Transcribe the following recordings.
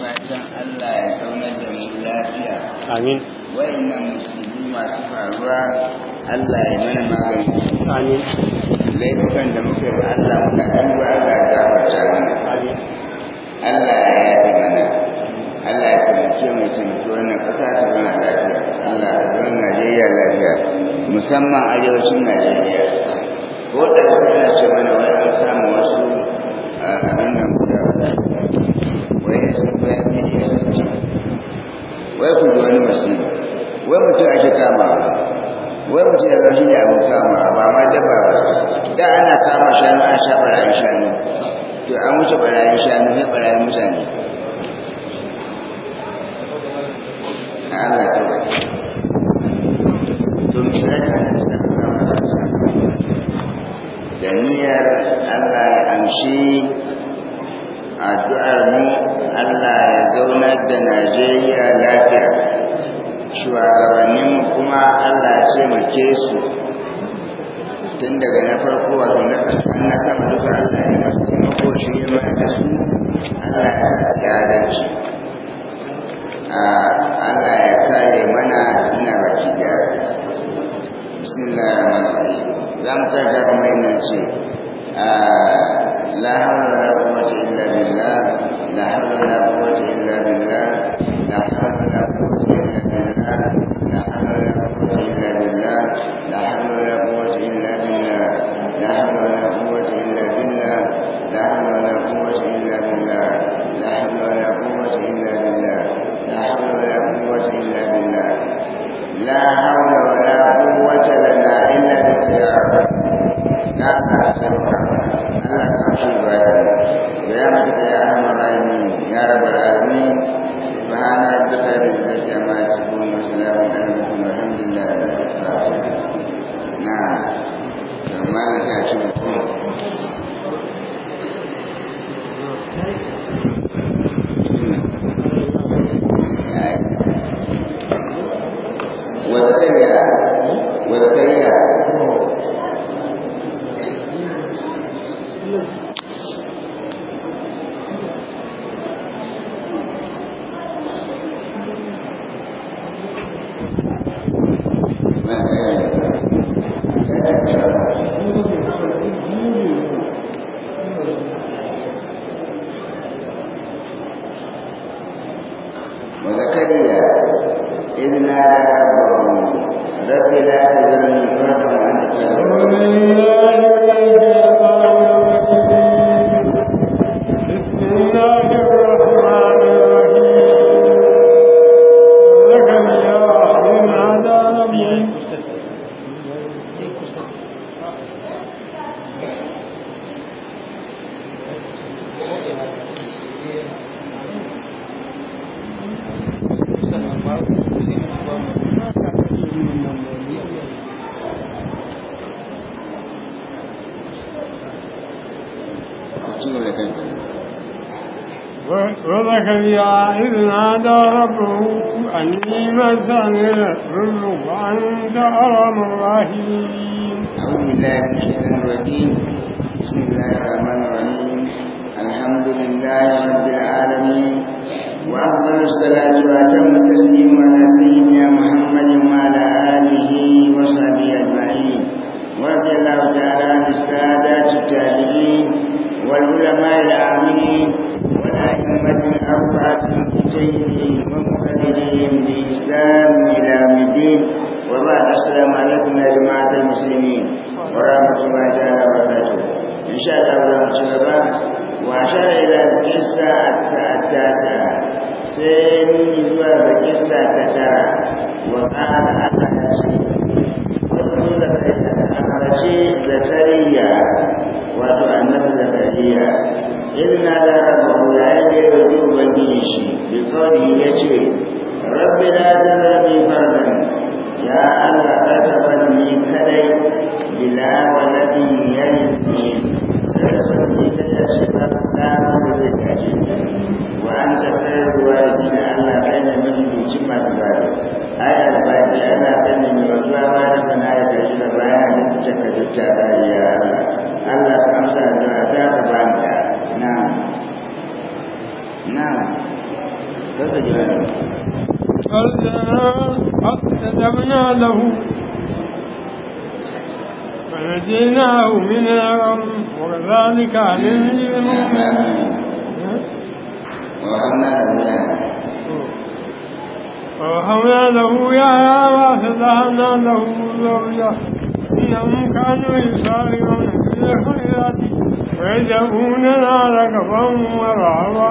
fatan Allah ya kaunar da mu lafiya amin wayannan musulmi masu faruwa Allah ya mana magani amin laifukan da muke wa Allah muka duba Allah ya gafarta mana amin Allah ya yafe mana Allah ya taimake mu taimake wannan ƙasa ta zauna lafiya Allah ya zauna Najeriya lafiya musamman arewacin Najeriya ko da yana ce mana wani an samu wasu ah, lafiya shi kasance wai ku ji wani masifa wai mutum ake kama wai mutum ya zama shi ne abin kama ba ma dabba ba da ana kama shanu a sha barayin shanu to an wuce barayin shanu sai barayin mutane Allah sauƙaƙe to misali ana da da niyyar Allah ya amshi addu'ar mu Allah ya zaunar da Najeriya lafiya shugabanninmu kuma Allah ya taimake su tun daga na farko wato na ƙasa na sama duka Allah ya masu taimako shi ya mara su Allah ya sa su adalci Allah ya kare mana ina baki da bismillah rahmanir rahim za mu kuma yana ce a hawla لا حول ولا الشيطان الرجيم وأنت أرحم الراحمين أعوذ بالله من الشيطان الرجيم بسم الله الرحمن الرحيم الحمد لله رب العالمين وأفضل الصلاة وأتم التسليم على سيدنا محمد وعلى آله وصحبه أجمعين ورضي الله تعالى عن السادات التابعين والعلماء العاملين والأئمة الأربعة المجتهدين ومقلدين بإحسان العالمين وبعد السلام عليكم يا جماعة المسلمين ورحمة الله تعالى وبركاته إن شاء الله لا شكرا وأشار إلى القصة التاسعة سيمين زوار القصة التاسعة وقال أحد شيء زكريا wato annabi zakariya idan na da rabu ya yi da yau ubangiji shi bi kawai ya ce rabbi la tazarni fardan ya Allah ka tabar ni kadai bila waladi yalidni tabarni ta tashi ta dama da zai tashi wa an ta tsayar ruwa da shi da Allah kai ne mai duci masu zaɓi ai albashi Allah kai ne mai rasuwa ma da fana da shi da baya da ta kajuta da ya Allah Allah ka amsa da ta ba mu da na'am فاستجبنا له فنجيناه من الغم وكذلك علمني المؤمنين ووهبنا له يا وأصلحنا له زوجه إنهم كانوا يسارعون في الخيرات ويدعوننا رغبا ورعبا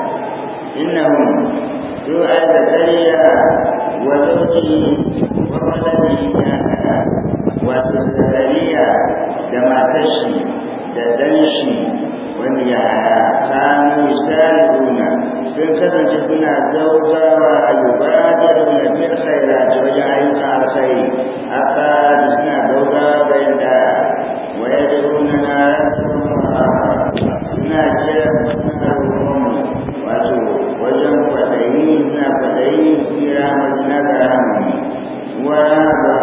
إنه يؤذى سريا وتبقي وطلبي وتستبريا كما تشي تتمشي ومياهها كانوا يسالكون سلسلة جبنا الزوجة ويبادرون من الخيرات وجعلنا الخير أقادسنا دوغا بيننا ويدعوننا رسول الله إنا جاءت من وميزنا فتعين في رحمتنا كرامي ورابا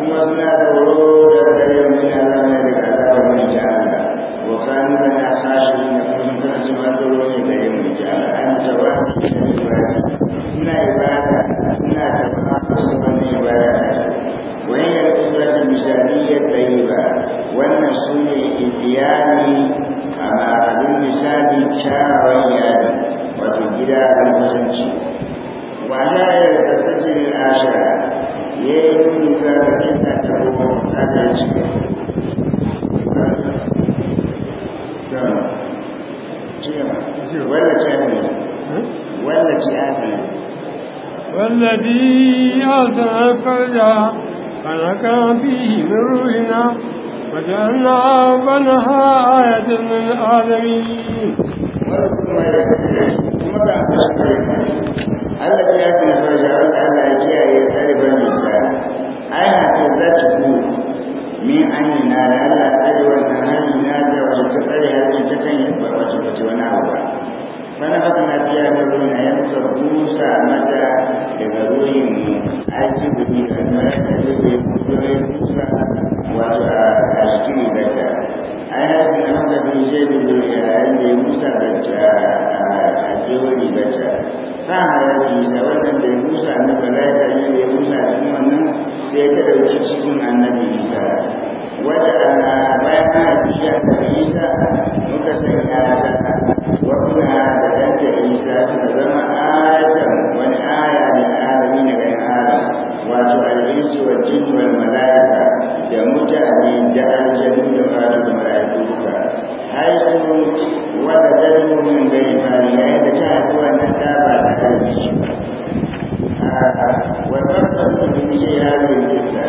ثم سناد ورود الكريم من الله ملك الله من جعل وكان من أخاشرين من كان من الله من جعل أنت وحدي من عبادة من عبادة من عبادة وهي القدرة المثالية الطيبة والنفس إديان على المثال شاعر يعني إلى المسجد ولا يلتفت للآشاء يجب فرحته أتت والذي أرسل فرجا فنكى فيه من روحنا وجعلنا بنها آية للعالمين masa Allah ta ya tuna farja wanda Allah ya kiyaye tsaribar musa ai hakan za ta ku min amina da Allah tsari wannan na da wata ta tsari hajji ta kan yi ba wata wata wani abu ba bana haka na fiya da ruwan a yanka busa mata daga ruwan aiki da ni da na da ruwan busa wato a cikin zaka ayatin hamza bin zaidun bin yayin da ya musa da ajiyar rigarsa Ta hayati da wannan da ya musa na balaita ne da ya musa cikin wannan sai ta ɗauki cikin annabi isa wata ana bayan ana biya da isa muka sanya da wakuna da da isa suna zama ayatan wani aya ne alami na ɗan adam wato al'insu wa jin wal mala'ika da mutane da aljanu da fatan mala'iku duka har su wata dalilin min gari mali yayin da ta haifi wannan ɗa ba ta karfi shi ba wa tsarkar da bin shi ya zai kisa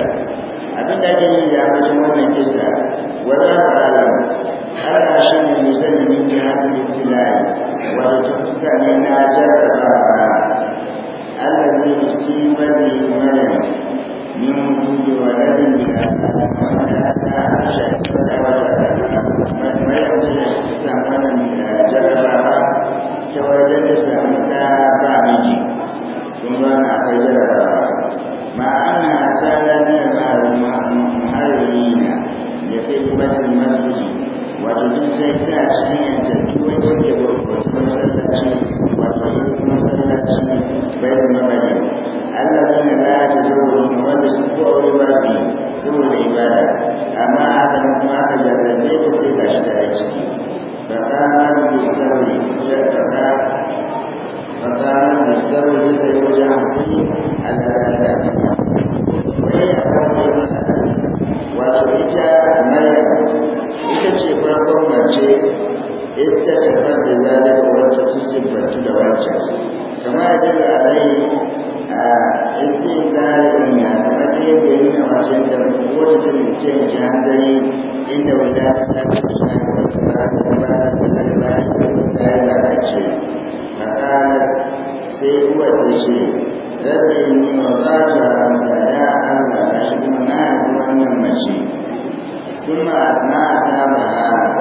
abin da ake yi da ambaci wannan kisa wa za ka alam ala shi ne misali min ji hadin ibtilai wato cututtuka ne na jarrabawa Allah ne musibani malam من وجود ولد ويقول الإسلام ولم جربها تولد الإسلام تابع مني ثم أنا فجربها مع أنها سالت من المحررين لخدمة المسجد wato duk sai ta cikin yanta tuwacin da wato masallaci wato masallaci bai da mabari الذين لا تزورهم والاسبوع لوازمه سوء العبادة أما أحدهم أحد الذين تلك أشتاء فقام بالسبب فقام بالسبب سيرجع فيه على الأداء wato ita maryam ita ce farkon mace ita safar da zalika wacce sun siffatu da wacce kamar yadda alayhi استيقاظهم يعتقد بأن وجدهم قوة الإنسان جهده إن وزارة الإنسان والصلاة تبارك الألباس لا فقالت سيقوة الشيء رب إني وقعت أمسالا ألا أشكو ما أكون من مشي ثم أثناء أصابها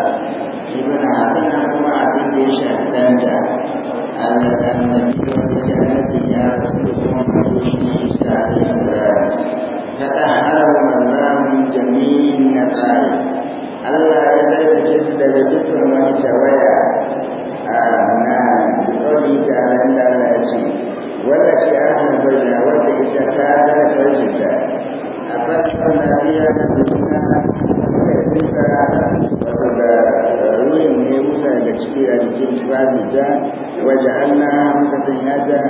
ibnu Hasan kuma abin da ya Allah Allah wayan ne musa da ciki a jikin tsari ja waje an na hankatan yaja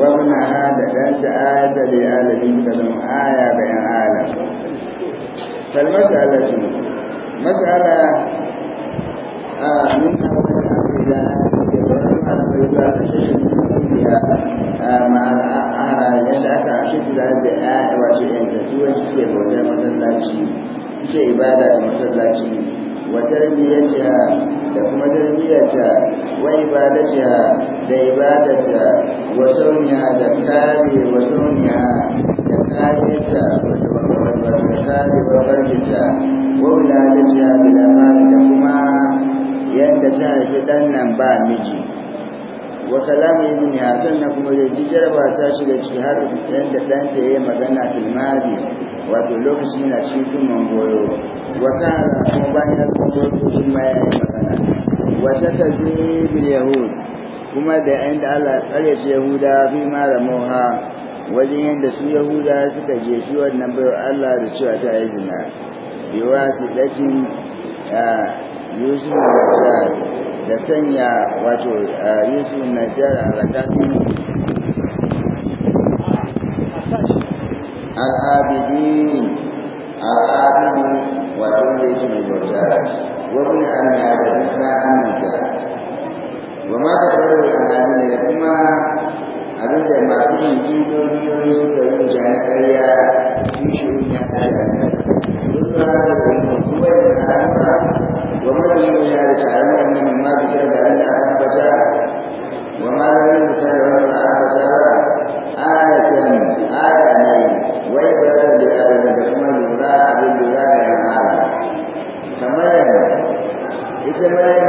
wani ha da ɗan ta ajiyar da alamin da zan aya bayan ala salmasa alaji masala a min tsawon da aka yi da ke tsoron alamai za ta shi shi ya a ma'ara a yadda aka ashe da ya wato yanzu suke bautar masallaci suke ibada da masallaci ne وتربيتها لكم تربيتها وإبادتها لإبادتها وسومها ذكاري وسومها ذكاريتها وذكاري وقربتها وولادتها بالأمان لكما يندتها شدنا بامجي وكلام kalamin ibn ya sannan kuma da jaraba ta shiga ciki har yadda ɗanta ya yi magana filmari wato lokacin وكان قبان ya ثم يمكن وتكذب باليهود كما ده عند الله قريش يهودا فيما رموها wajen yadda سو Yahuda suka je shi wannan bai Allah da cewa ta izina bi wasi lajin Yusuf Najjar da sanya wato Yusuf Najjar a rakatin al wato wanda yake mai bauta wa bin anna da kuma annaka wa ma ta tsoro da annabi da kuma abin da masu yin jijiyoyi suka rubuta na ƙarya kishiyoyi ya ƙarya duk da kuma kuma da haka wa madalin ya da taron wannan ma fitar da an da aka fata wa ma da rubuta da wannan aka fata ba ayatan ayatan Gracias.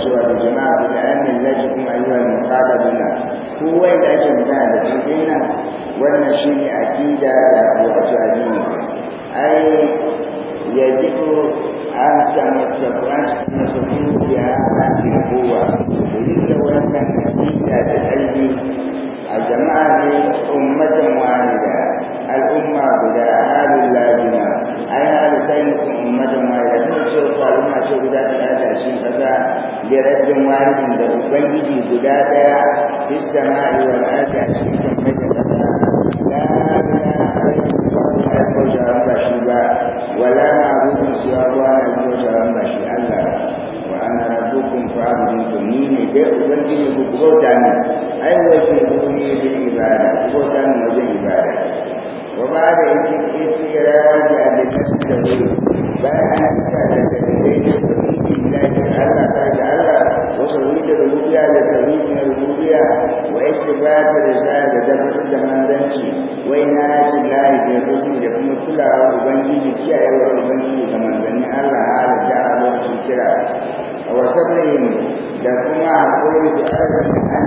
cewa da jama'a da ta'amin laji kuma ayyuhal muqatabuna ku wanda ake magana da su dinnan wannan shine aqida wato addini ai ya an يجب أن da تمسكوا بهذا بالقوة وإلا ولكن نتيجة العلم الجماعة ummatan واحدة da rabbin da ban ubangiji guda daya fi sama'i wal ardi a cikin mata kasa la ilaha ba shi ba wala ma'budun siwa ba na bautawan ba shi Allah wa ana rabbukum fa'budun ni ne dai ubangiji ku bauta ne ai wa fi ibada ku bauta ne wajen ibada wa ba da ikirari a da kasu da bayan ana kira da dalilai da tauhidin lahi Allah ta ta'ala wa tauhid rububiyya da tauhidin rububiyya wa isbat risala da dabar da manzanci wa inayati lahi da rusul da kuma kulawa ubangiji kiyayewar ubangiji da manzanni Allah har da lokacin kira wa sabrihim da kuma hakuri da arziki an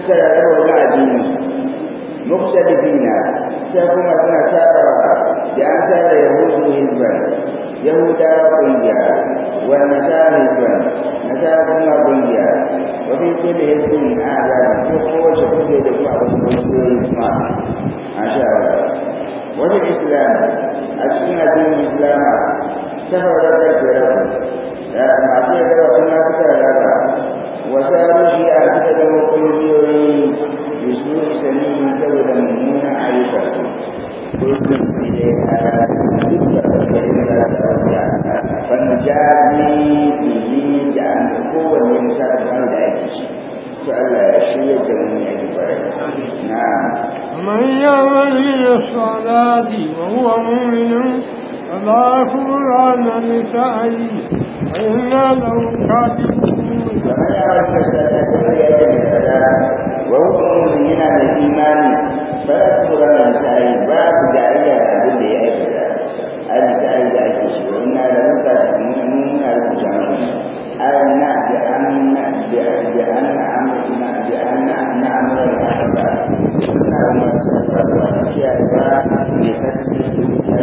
suka rarraba wani addini muktalifina sai kuma suna tabawa da an tara yahudu hizban yahudawa kungiya wal nasara hizban nasara kuma kungiya wa fi kulli hizbin azab ko kowace kungiya da kuma wasu kungiyoyi kuma masha Allah wajen islam a cikin addinin islam safarar da ke rabu da masu نعم. من يعمل من الصلاة وهو مؤمن فضاعف العام لسعيه وإنا له كاتبون ومن يعمل من الصلاة وهو مؤمن من الإيمان فيكبر من سعيه ويعبد cewa mai sassi da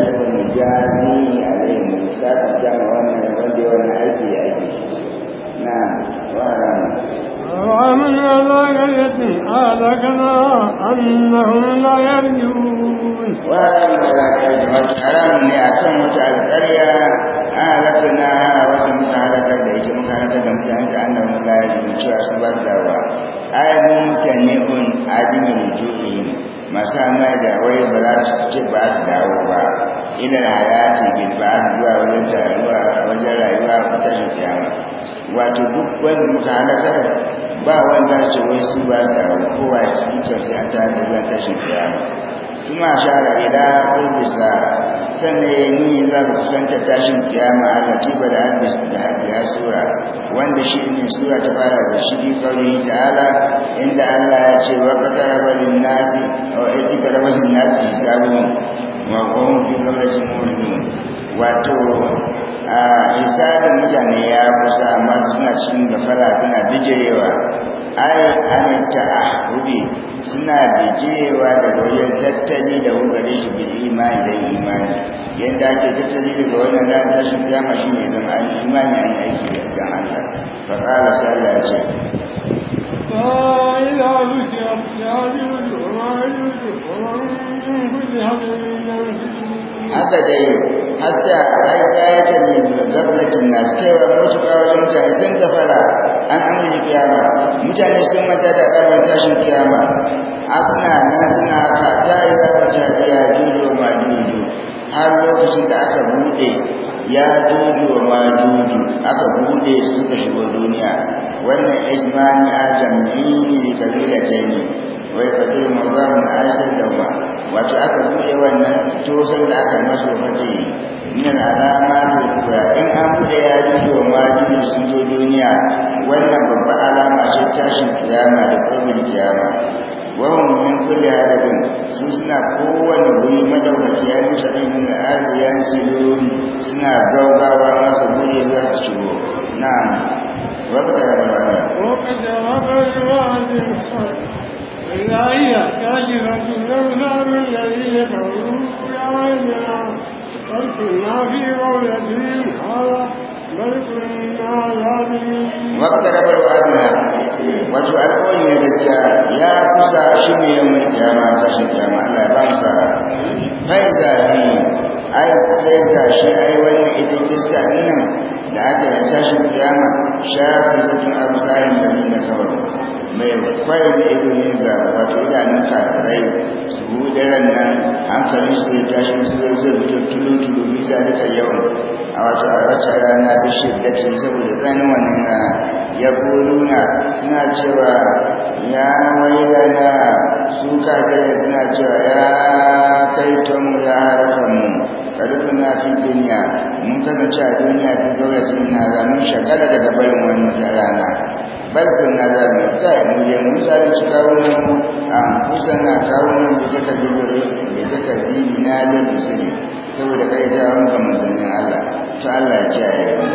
jami a zai mai sassi jama wannan wanda wani aiki ya yi na wa'ara ومن ذرية أهلكنا أنهم لا يرجون وأما الحرام لأكون متعذريا أهلكنا وكم تعلق بيت مكانة بمتانة أنهم لا يرجون شو أسباب دعوة أي ممكن يكون عدم رجوعهم masu hannun da wai ba za su ce ba su dawo ba ina na hayati bil ba su zuwa wajen taruwa wajen rayuwa a fitar da kiyama wato duk wani muka halakar ba wanda ce wai su ba su dawo kowa su yi kyau a an tare da zuwa tashin kiyama suna shara ila qurbis sannan ya nuni za ku kusanta tashin kiyama allati da an da ya sura wanda shi ne sura ta fara da shi kawai ta'ala inda Allah ya ce wa qataraba lin nasi wa iqtaraba lin nasi hisabuhum wa makon fi ghaflatin muridun wato a da mutane ya kusa amma suna cikin gafara suna bijirewa ai a ta'ahudi suna bigewa da wajen tattali da wugare shi bil imani da imani yadda ake tattali daga wannan ta shi kiyama shi ne zama an imani an aiki da Allah fa qala sallallahu alaihi haka dai hatta ai ta yi ta ne da gablatin nasu kaiwa mutu kawai mutane sun gafara an amurin kiyama mutane sun mata da alamar tashin kiyama abuna na suna fata ya zafuta da ya jujo ma jujo har lokacin da aka buɗe ya jujo ma jujo aka buɗe suka shigo duniya wannan ijmani adam ne ne kabila ta ne wai fatir mazamun asir da ba wato aka buɗe wannan tosan da aka masu fata yi min da kura in تعالى ما جتاشن كياما لقوم الكياما وهم من كل عدد سنسنا قوة نبوي مدوة كيام شبين من الأرض ينسلون سنا دوغا وانا قبول الله تشبه نعم وقد رب العالمين وقد رب العالمين لا يحتاج رجل النار الذي يدعو يا عيني قلت الله في قولته Makka da baro adna wato alƙawari ne gaskiya ya kusa shi ne ya mai kyama ta shi kyama Allah ya ba mu sara. Kai da ni ai sai da shi ai wannan ita gaskiya nan da aka yi sashin kyama shafi zafin abu tsarin da ne na kawai. mai kwayar da ido ne ga wato idanun kafirai su buɗe ran nan hankalin su ne tashi su zai zai fito tulu tulu bi zalika yawan a wato a wacce rana da shiddatin saboda tsanin wannan rana ya kuluna suna cewa ya wailana su kafirai suna cewa ya kaitonmu ya mu, harafanmu karfina fi duniya mun kasance a duniya fi gauratin na zamun shagara daga barin wannan rana bal kunna zalimin kai mu je mun zalunci kawunan mu a kusana kawunan mu ta kadibu da ta kadibu na lil muslim saboda kai ta wani ga Allah to Allah ya kiyaye mu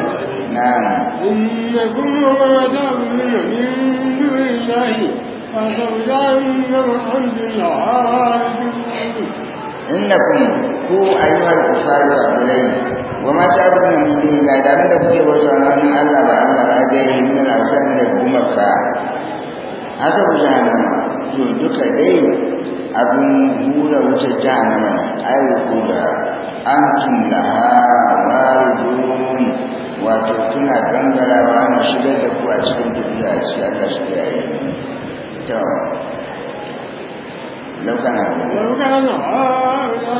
na'am innakum wa ta'lamun min dunillahi innakum ku ayyuhal kufaru abulai wa ma ta abin nan shi ga da da kuke bar sa nan Allah ba Allah ba ga yi min alsan da kuma ka haka ku jahannama to duka dai abin hura wuce jahannama ai ku ga an tumla waridun wato kuna gangarawa na shigar da ku a cikin tafiya a cikin Allah shi ya yi to لو كان لو كان عاقلا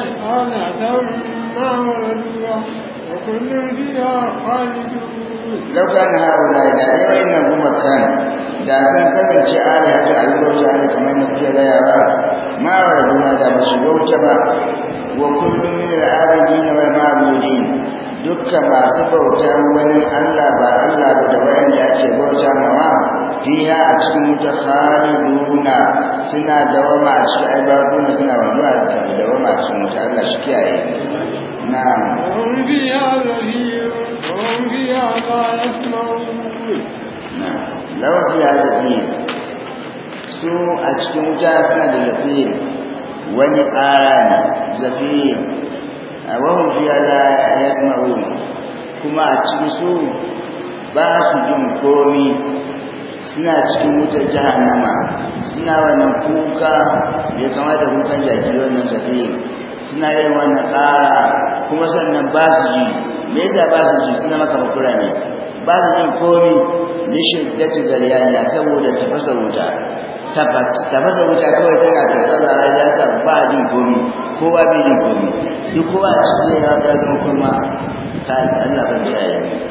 لما وليا وكل فيها خالدون لو كان هؤلاء لا يرين هم كان da san kasance ala ta alwata ala kamar na kuke gaya ba ma ba su wuce ba wa kullum min al-abidin wal ma'budin dukkan masu bauta wani Allah ba Allah ba da wanda ake bauta mawa fiha a cikin wuta duna suna dawama a cikin aibabuna suna wanzu a cikin dawama a cikin wuta Allah shi kiyaye na lafiya da zahir su a cikin wuta suna da zafir wani ƙara ne zafir a wani fiha da ya kuma a cikin su ba su jin komi suna cikin wutar jahannama suna wannan kuka ya kama da kukan jaki wannan zafi suna yin wannan ƙara kuma sannan ba su ji me yasa ba su ji suna maka makura ne ba su jin komi lishin dati garyaya saboda tafasa wuta tafasa wuta kawai tana tattara rai ya sa ba jin komi kowa bai jin komi duk kowa a cikin ya zama kuma ta Allah ban da yayi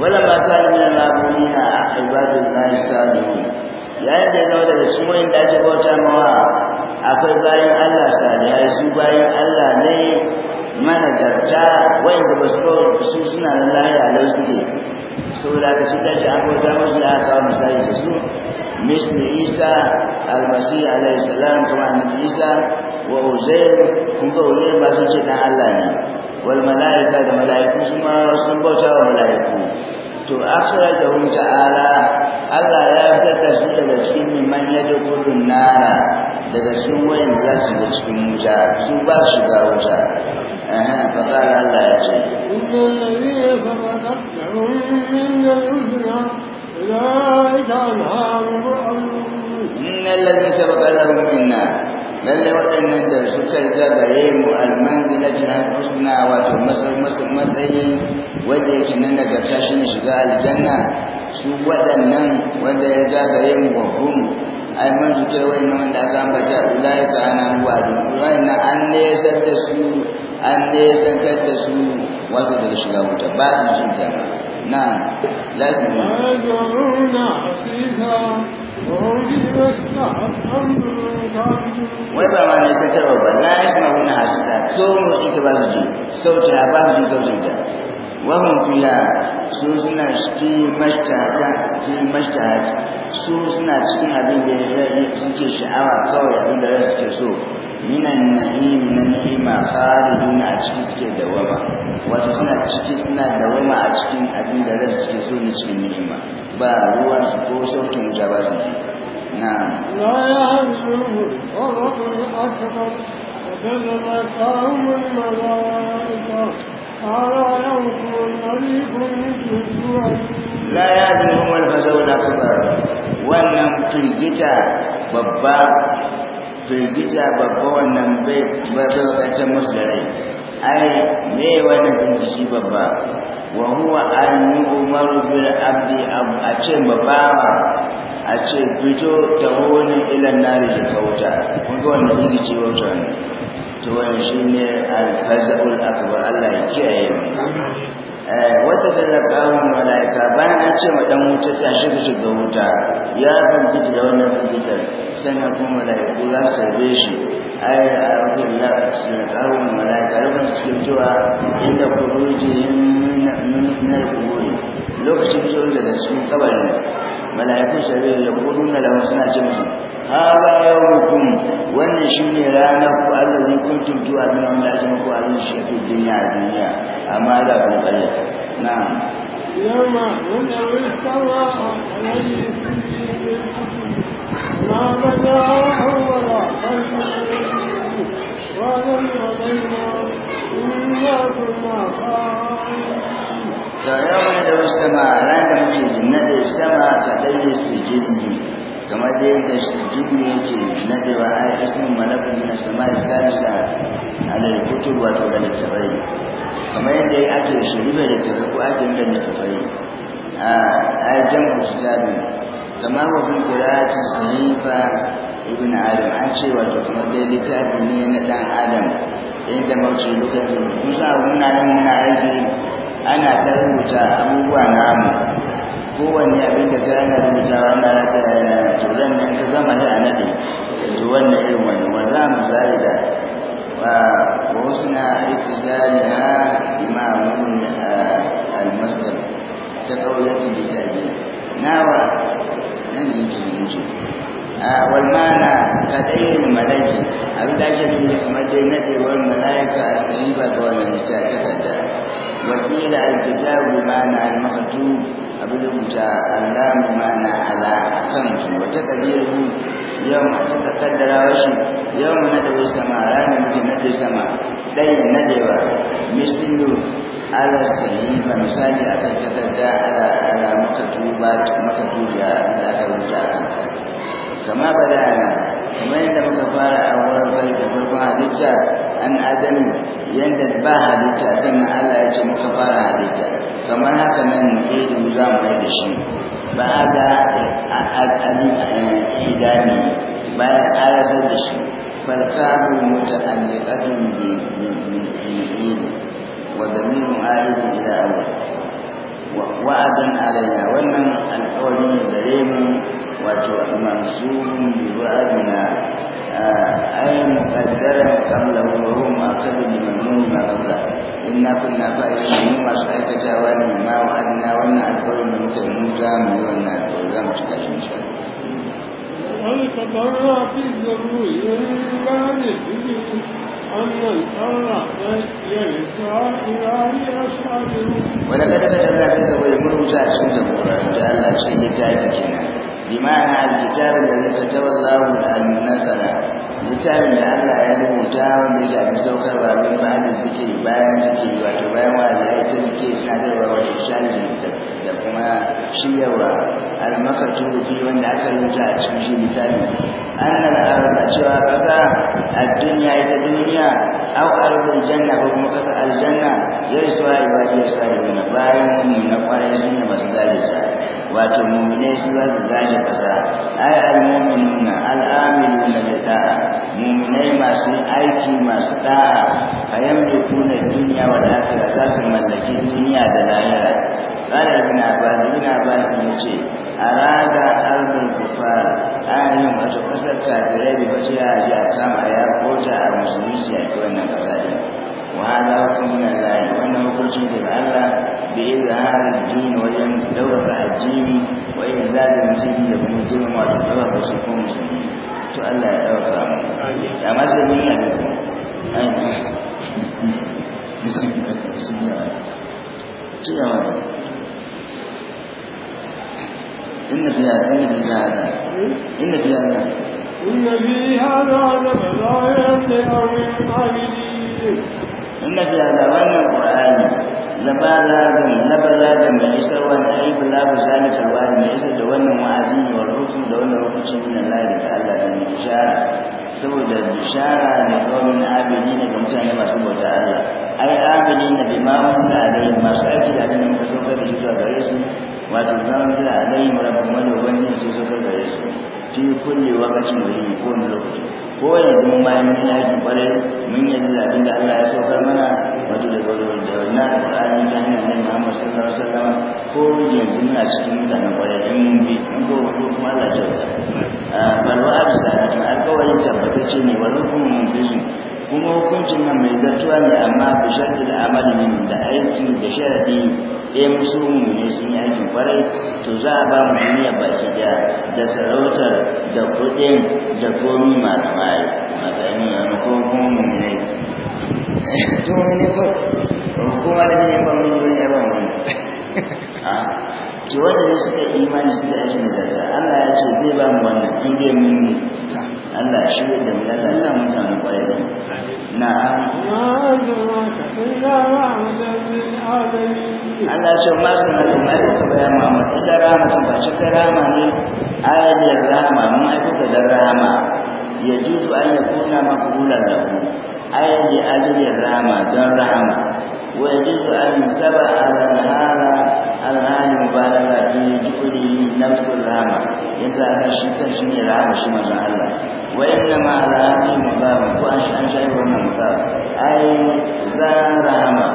ولما كان من المعبودين عباد الله الصالحون yayin da ya zama da cikin wayan da ake bauta mawa akwai bayan Allah salihai su bayan Allah ne managarta wayan da ba su suna nan lahiya lau suke saboda ka shi tashi an bauta musu da aka misali da su misli isa almasi alayhi salam kuma annabi isa wa uzair kun ga uzair ba sun ce dan Allah ne wal mala'ika da mala'iku su ma sun bauta wa mala'iku to akhrajahu ta'ala Allah ya fitar su daga cikin man yadkhulun nara daga cikin wayan da za su ga cikin wuta su ba su ga wuta eh Allah ya ce innal ladina fatatahum min al-ujra lalle waɗannan da suka riga mu yayi mu almanzilatul husna wato masal matsayi wanda yake nan daga tashi ne shiga aljanna su waɗannan wanda ya riga da yayi mu babun ai man zuke wannan wanda aka ambata ulai ka ana huwa da wannan an ne san da su an ne san da su wato da shiga wuta ba in jin jama'a na lazima wai ba ma ne sakarwa ba za a yi suna hadisa tsohon ita ba su ji sauta ba su ji sautin ta wahun fiya su suna fi mashtaka fi mashtaka su suna cikin abin da ya yi suke sha'awa kawai abin da suke so minan na'im na ni'ima khalidun a ciki suke dawama wato suna ciki suna dawama a cikin abin da suke so ne cikin ni'ima ba ruwan su ko sautin wuta ba na la ya zurfin walfazau da kabar wannan firgita babba firgita babba wannan bai ba zai ƙasar musu da rai ai ne wannan firgiti babba wa huwa an yi umaru bil abdi a ce ma bawa a ce fito ta wani ilan nari da kauta kun ga wani iri ce wata ne to wani shi ne alfaza'ul akbar Allah ya kiyaye mu eh, wata da laƙawun mala'ika bayan an ce ma dan wuta ta shiga shiga wuta ya firgita da wannan firgitar sannan kuma mala'iku za su rabe shi ayar a wajen lafis da ƙarfin mala'ika su cikin cewa inda kuruji na kuburi lokacin cewa daga cikin kabari mala'ikun shari'a da kudu na lamar suna cin musu haɗa yau hukum wannan shi ne ranar ku allah kun kuntum tuwa na wanda ake muku a yin duniya a duniya amma da kun ƙalle na يوم ندعو السواء عليه كل ما بدا أول خلق قال لربنا إنا كنا da yawon da rusama ran da muke jinna da rusama ka ɗaya sujilli kamar da yadda sujilli yake na da ba a yi ismin malakun na sama islamisa a lalkutu wato ga littafai kamar yadda ya ake shiri da littafai ko ake da littafai a ajan kusurtabi kamar wafin kira ci sahifa ibn adam an ce wato kuma dai littafi ne na dan adam inda mace lokacin kusa muna nan muna aiki ana ta rubuta abubuwa na namu kowanne abin da kai ana rubutawa ana ta yana to ran nan ka zama da anade to wannan irin wani wa za mu zari da wa wasu na itizali ha imamun almasdar ta kauyatin da ta nawa nan yake yanzu والمعنى كدين الملائكة أبدا كده كما دينة والملائكة الغيبة والملائكة وكيل الكتاب بمعنى المكتوب أبدا اللام بمعنى على أكمل وتقديره يوم تتقدر وشي يوم ندعو السماء رانا ممكن ندعو السماء دي ندعو مثل على الصحيفة مثالي أكتب على على مكتوبات مكتوبة kama bada'ana kamar yadda muka fara a wurin bai da farkon halitta an adami yadda ba halitta sannan Allah ya ce muka fara halitta kamar haka nan irin za mu yi da shi ba a ga idami bayan an rasar da shi فالكعب متعلقة بالدين وضمير عائد إلى أول وعدا علينا ومن القول دليل wato mamsuhun bi wa'adina ay muqaddaran qabla wuruhum aqad bi mamnun ma qabla inna kunna fa'ilin mu masu aikatawa ne ma wa'adina wannan alƙawarin da muka yi mu za mu yi wannan alƙawarin za mu cika shi insha Allah تضرع في الذروع إلا لذكر أن الأرض يرسى إلى أصحابه ولقد كتبنا في الذروع مرمزات سنة الله سيدي كاتبنا limana alkitabin da zai fata wallahu da almunazala littafin da Allah ya rubuta wanda ya shafi saukarwa min ba da suke bayan suke wato bayan wanda ya ta suke sadarwa wa shishani da kuma shiryarwa almakatu fi wanda aka rubuta a cikin shi littafin an cewa الدنيا إلى الدنيا أو أرض الجنة أو مقصر الجنة يرسوا عبادي الصالحين باين من أقوال الجنة مسجدة وتؤمنين سوى ذلك أي المؤمنون الآمنون بالطاعة مؤمنين ما أيكي ما ستاء فيملكون الدنيا والآخرة ذات ملك الدنيا دلائرة قال ابن عباس ابن عباس يقول أراد أرض الكفار أن يمكن أن تكسر كافرين بوجهها جاء كام كما ya kota a musulunci a ke wannan kasa ne wa hada hukumin Allah wannan hukunci daga Allah bi izhar ad-din wajen daurata addini wajen da kuma girma da daurata su ko musulmi to Allah ya daurata mu da ma sai mun yi bismillah bismillah إن في هذا إن في هذا لبلايا لأولي العابدين fi في هذا وأن القرآن labalagan labalagan mai isar wannan ai balagu zalika alwani mai isar da wannan wa'azi ne wal hukm da wannan hukunci na Allah da Allah da bishara saboda bishara da qaumin abidin ga mutane masu bauta Allah ai abidin da bima unsa alaihim masu aiki da ne da muka saukar da shi zuwa gare su wato zanzila alaihim wani ubangiji su suka gare su fi kulli waqtin wa yi ko lokaci ko yanzu mun bayan ya yi kwarai mun yi da abin da Allah ya saukar mana wato da gaurin da wannan Qur'ani ta hanyar Annabi Muhammad sallallahu alaihi wasallam ko yanzu muna cikin mutanen kwarai in mun bi in ko ko kuma Allah ya a ah, balwa abisalatin alƙawarin tabbatacce ne wa kuma mun bi kuma hukuncin nan mai zartuwa ne amma bishar da amali ne da aiki da sharadi ɗaya eh, musu mummune sun yi aikin kwarai to za a ba mu duniya baki ɗaya da sarautar da kuɗin da komi masu bayi masu ainihin wani ko kuma mummune to ne ko kuma da ne ba mu yi ya ba mu ki waɗanda suka imani suka aiki da daga Allah ya ce zai ba mu wannan in dai mun yi Allah shi da mu Allah ya sa mu samu نعم Allah ce ma su bayan rama rama ne ayatul rama mun rama ya juzu an rama don rama wa ya juzu an yi saba alhara alhari mubalaka rama shi kan shi ne rama shi manzon Allah وإنما على أخي an وأنا أن شايف مقام Ai. Za رحمة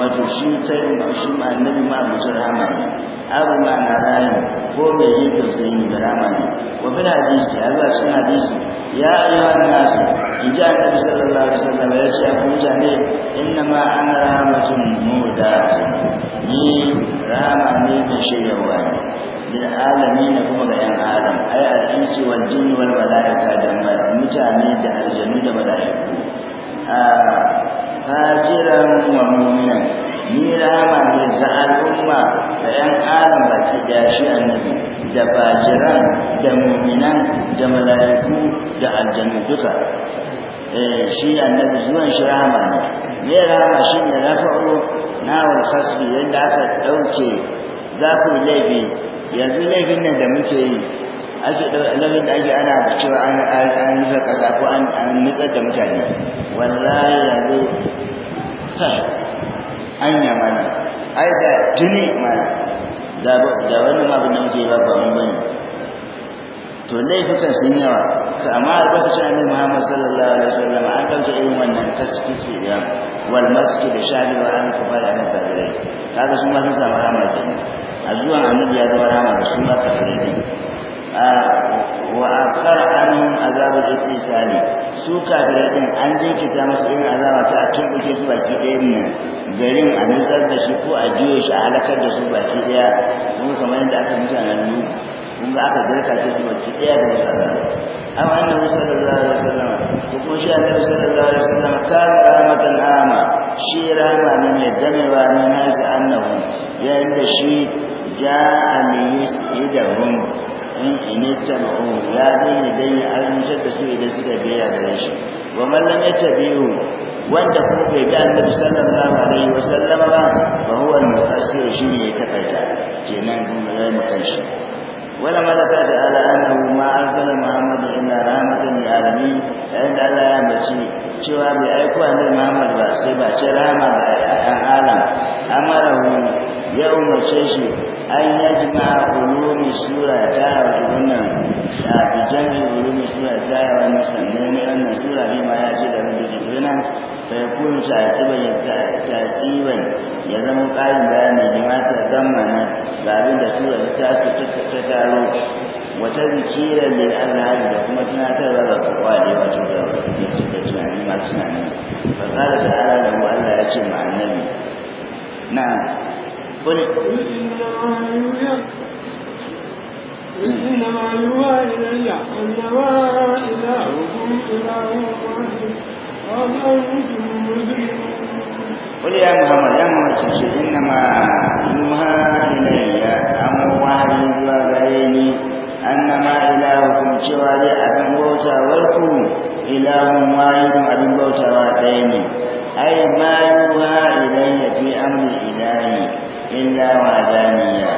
wato shi ta sai shi ma annabi ma abu rahama ne abu ma na rahama ko bai yi tausayi ne rahama ne wa bin hadisi ya zuwa cikin hadisi ya ayyuhan nasu in ji annabi sallallahu alaihi wasallam ya ce ku mutane inna ma ana rahamatun muda ni rahama ne mai shayarwa ne للعالمين كما كان عالم أي الإنس والجن والملائكة دم متعني دا الجن دا ملائكة فاجرا ومؤمنا نيراما نيزا الأمة كان عالم بكتاشي النبي دا فاجرا دا مؤمنا دا ملائكة دا الجن دكا shi annabi zuwan shi rahama ne me rahama shi ne rafa'u na wal khasbi yadda aka ɗauke zafin laifi yanzu laifin nan da muke yi ake laifin da ake ana cewa an nufa ƙasa ko an nutsa da mutane wallahi yanzu ta anya mana ai da tuni mana da wannan ma abin da muke ba ba mun bane to laifukan sun yawa amma a lokacin annabi Muhammad sallallahu alaihi wasallam an kanta irin wannan tasfisi ya wal masjid da shahri wa an kufara na tabirai kaga su ma sun samu amal da a zuwan annabi ya zama rama da suna kafirai wa akar anhum azabul sali su kafirai din an je ta musu irin azaba ta tumbuke su baki ɗaya nan garin a nazar da shi ko a biyo shi a halakar da su baki ɗaya kuma kamar yadda aka mutanen nu kun ga aka garka ta su baki ɗaya da wasu azaba amma annabi sallallahu alaihi wasallam ko kuma shi annabi sallallahu alaihi wasallam kana ramatan ama shi rama ne mai gamewa ne na annahu yayin da shi ja'a min yus'idahum in inittaba'u ya zai ne dan ya armishar da su idan suka biya da shi wa man lam yatabi'u wanda kuma bai ga annabi sallallahu alaihi wa sallama ba fa huwa al-muqassir shi ne ya takaita kenan kuma zai mu kai shi wala malaka da ala annahu ma arsala muhammadan illa rahmatan lil alamin da Allah ya mace cewa bai aiko ne Muhammad ba sai ba ce rama ga akan alam amarahu ya umarce shi an yajma ulumi sura ta wato wannan da bijami ulumi sura ta na sannan ne wannan sura bi ma ya ce da rubutu nan fa yakunu ta ta ya zama ƙarin bayani ne ma ta gammana ga abin da sura ta su ta taro wata zikira ne Allah da kuma tunatarwa ga kwakwale wato da da tunani masu tunani fa qala ta'ala da mu Allah ya ce ma annabi na قل إنما يوحى إلي أنما إلهكم إله واحد وما أنتم مدركون Kuɗi an gama damar cike inama a yi mahalin rai, amma wani zuwa gare ni, hannama a yi la'aƙan cewa zai aƙan bauta warku, a yi la'aƙan marayu abin bauta baɗaya ne. A yi mahalin rai ya fi amri ila illa maza ne ya?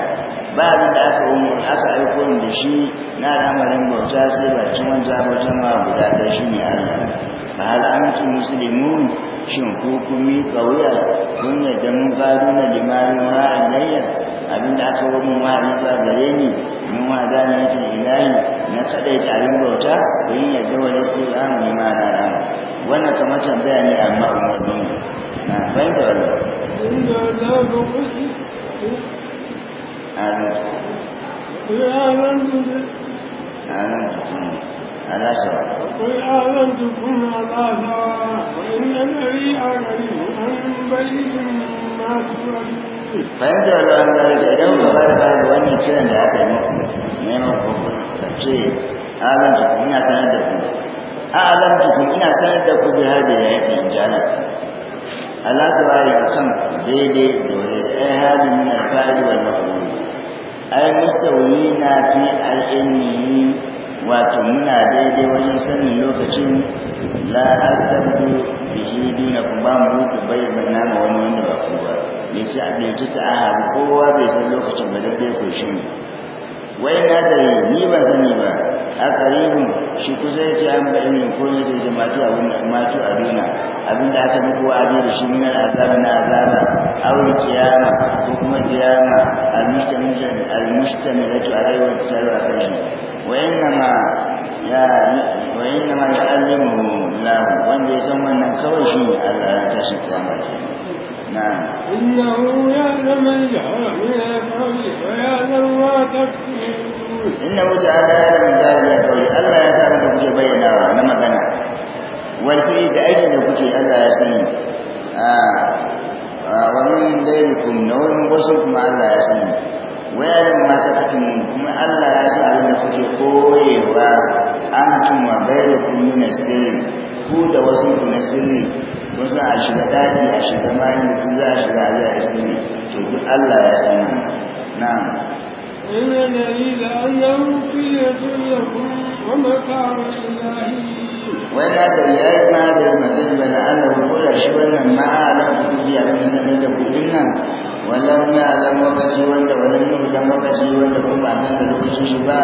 Ba biyu aka haifar da shi na amarin mota sai ba ta wata mota mawa shi ne Allah. fa hal antum muslimun shin ko kun yi wuya kun yadda mun gado na limarin ma alayya abin da aka wani ma zuwa gare ni min wa da na yace ilahi na kadai ta abin bauta kun yadda wani su an ni ma da ran wannan kamar tambaya ne amma umarni na fahimta wannan Amin. Amin. العشرة قل آمنتكم أضافا وإن الذي أعلم عن بيت ما fahimtar ruwan garga idan ba ba da wani kiran da aka yi neman ce alam tukun ina sanar da ku a alam tukun ina sanar da ku bi har da ya yi jala Allah su ba da kan daidai da wani ɗaya hali min alfahari wal mafi ai mustawina fi wato muna daidai wajen sanin lokacin la asabdu bihi ku ba mu ku bayyana ma wani wanda ba ku ba ne sai a binci ta a kowa bai san lokacin ba daidai ko shi ne wai na da ni ban sani ba a karibin shi kusa yake an bari ne ko ne zai da matu abin da matu abina abin da aka muku wa'adi da shi minan azaba na azaba awul kiyama ko kuma kiyama almustamilan almustamilatu ala yawm tarwa kai wa innama ya wa innama ya'allimuhu lahu wanda ya san wannan kawai shi ne Allah ya tashi kiyama نعم إنه يعلم الجهر من القول ويعلم ما تكفي inna wuce ala ya mu jari ya kawai Allah ya sa muku kuke bayyanawa na magana walfi da aiki da kuke Allah ya sani ah, ah, wa min gairikum na wani wasu kuma Allah ya sani Waya ya da mata kafin kuma Allah ya sa abin da kuke koyewa an tuma gairikum min sirri ku da wasu na sirri wasu a shiga daji a shiga bayan da za a shiga a zai sirri to duk Allah ya sani na'am إن إلى يوفية لكم ومتاع wannan da ya yi ma da mutum ba da Allah ko da shi wannan ma'alar kuɗi da kan sanar da kudin nan wannan ya zan lokaci wanda wannan ne zan lokaci wanda ko ba san da lokacin shi ba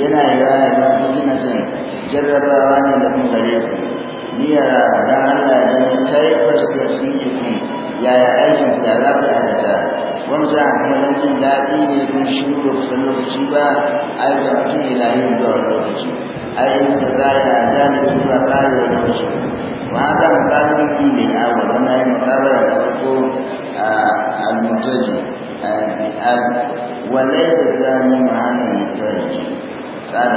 yana yawa ya zan kuma na san jarrabawa ne da kuma gare ku niyyar dan Allah ya da kai farsiya sun yi yaya aikin da za ku aikata wanda kuma nan daɗi ne kun shi da kusan lokaci ba ai da mutum ya layi zuwa lokaci ai da za ya da ne zuwa tsari da lokaci wa haka mukabarki ne a wannan na yi mukabara da farko a almutaji وليس الثاني معنى الترجي قال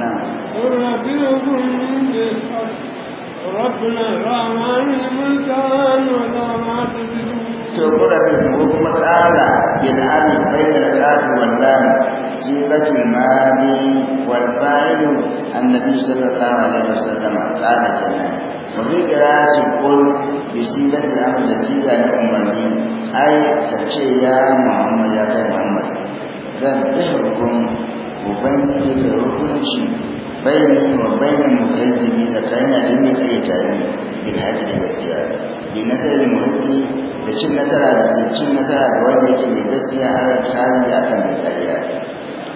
نعم والربيع Sau da ɗin kuma matsala yana bai da ƙafi wannan shi zafi mani walfayinu annabi sallallahu alaihi wasallam ƙada kenan. Mafi kira shi kun bi shi da zafi da shi da na umarni ai ta ce ya Muhammad ya kai Muhammad. Zan ɗin hukun Ubangiji da hukunci bayyana wa bayyana mukayyibi tsakanin abin da kai tare bil hadi gaskiya bi nasarar mulki da cin nasara da cin nasara ga wanda yake mai gaskiya a halin da akan mai ƙarya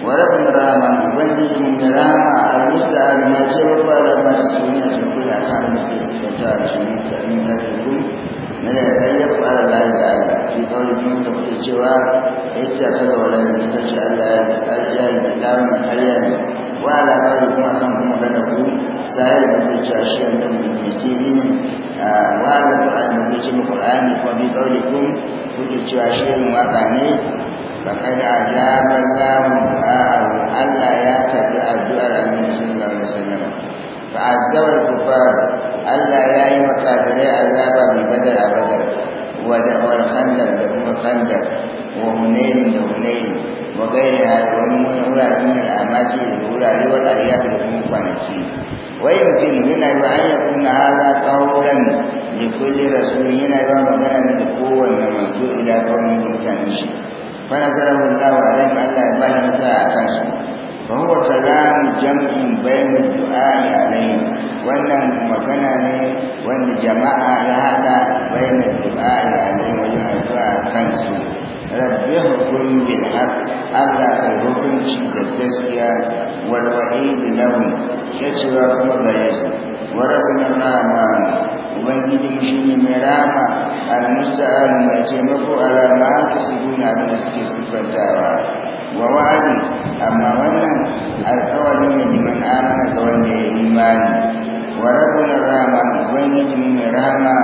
wa rabbin rahman ubangiji mai rahama al ma ce babba da ma suniya tun kula kan mutum su ta a cikin da na da kai ya fara ya da Allah fi kawai kuma da kuke cewa ya ce a kaga wani da Allah ya yi da ta karya ولا ذلك أنهم لكم سائل من الجاشية من المسيرين آه، ولا القرآن بجم القرآن وبقولكم كنت الجاشية المواطنين فقد أجاب الله دعاءه ألا يأتي الدعاء النبي صلى الله عليه وسلم فعزوا الكفار ألا يأي مكافري عذابا ببدر بدر ودعوا الخندق لكم الخندق وهنين وهنين وغيرها ومن أولى من الأماكن rayuwar ɗariya da kuma kwanaki wai mutum yana yi wa hanyar hala ƙahuran da kulle da yana yi wa magana ne da kowane manzo ila kawai mutane shi kwana zara mun lawa ran allah ya bani masa su wanda ta zamu jam'in bayanin du'a ya rai wannan magana ne wanda jama'a ya haɗa bayanin du'a ya rai wajen addu'a a kan su rabbi hukumin bil haq allah ka hukunci da gaskiya والوعيد لهم يتوى كما غريس وربنا معهم ubangiji shi ne mai rama al-musta'an mai taimako ala ma ta siguna abin da suke siffantawa wa wa'adi amma wannan alkawari ne liman amana ga wanda ya imani wa rabbul rama ubangiji mai rama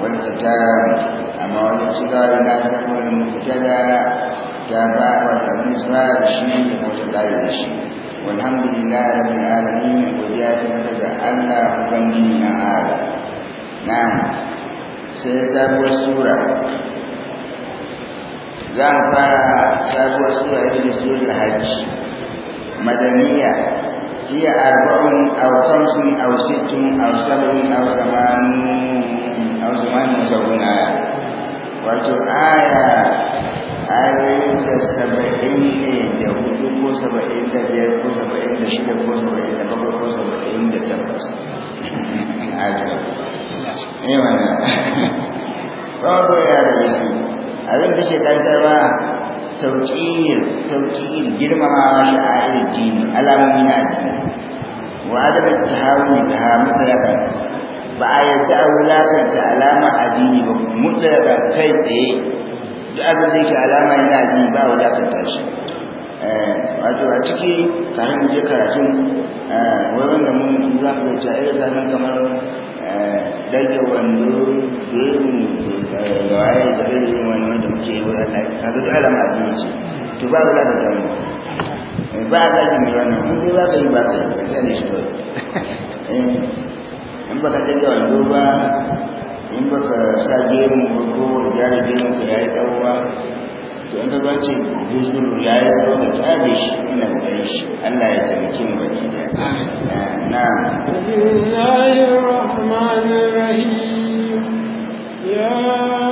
wanda ta amma wajen shiga wani na sabon mutada ta ba wa ta nisba shi ne da mutu da walhamdulillah rabbil alamin godiya ta mata ga Allah ubangiji na ala na'am sai sabuwar sura za mu fara sabuwar sura ita da suratul hajj madaniya hiya arba'un aw khamsun aw sittun aw sab'un aw samanun aw samanun sab'un aya wato aya ayoyin da saba'in ne da hudu ko saba'in da biyar ko saba'in da shida ko saba'in da bakwai ko saba'in da takwas ajiyar ne mana tsawo ya da isi abin da ke kantarwa tauƙiyar tauƙiyar girmamawa sha'a'ir dini alamomi na addini wa adamin tahawuni da ha mutlaqan ba a yadda a wulakanta alama a jini ba mutlaqan kai tsaye duk abin da yake alama yana ji ba wadatanta shi eh, wato a ciki kafin je karatun eh, wai da mun za mu iya cewa irin kasan kamar eh, dage wando gemu da waye da gari wani wanda muke yi wa kaga duk alama a jini ce to ba wadatanta mu ba a zaki mai wannan mun dai ba ka yi ba ka yi ba ta ne shi kawai in ba ka dage wando ba in baka sa jerin gurgu da gyara jerin ka ya yi ba to in ka bace guzuru ya yi tsawo ka kyabe shi ina da gare shi Allah ya taimake mu baki da na Bismillahir Rahmanir Rahim ya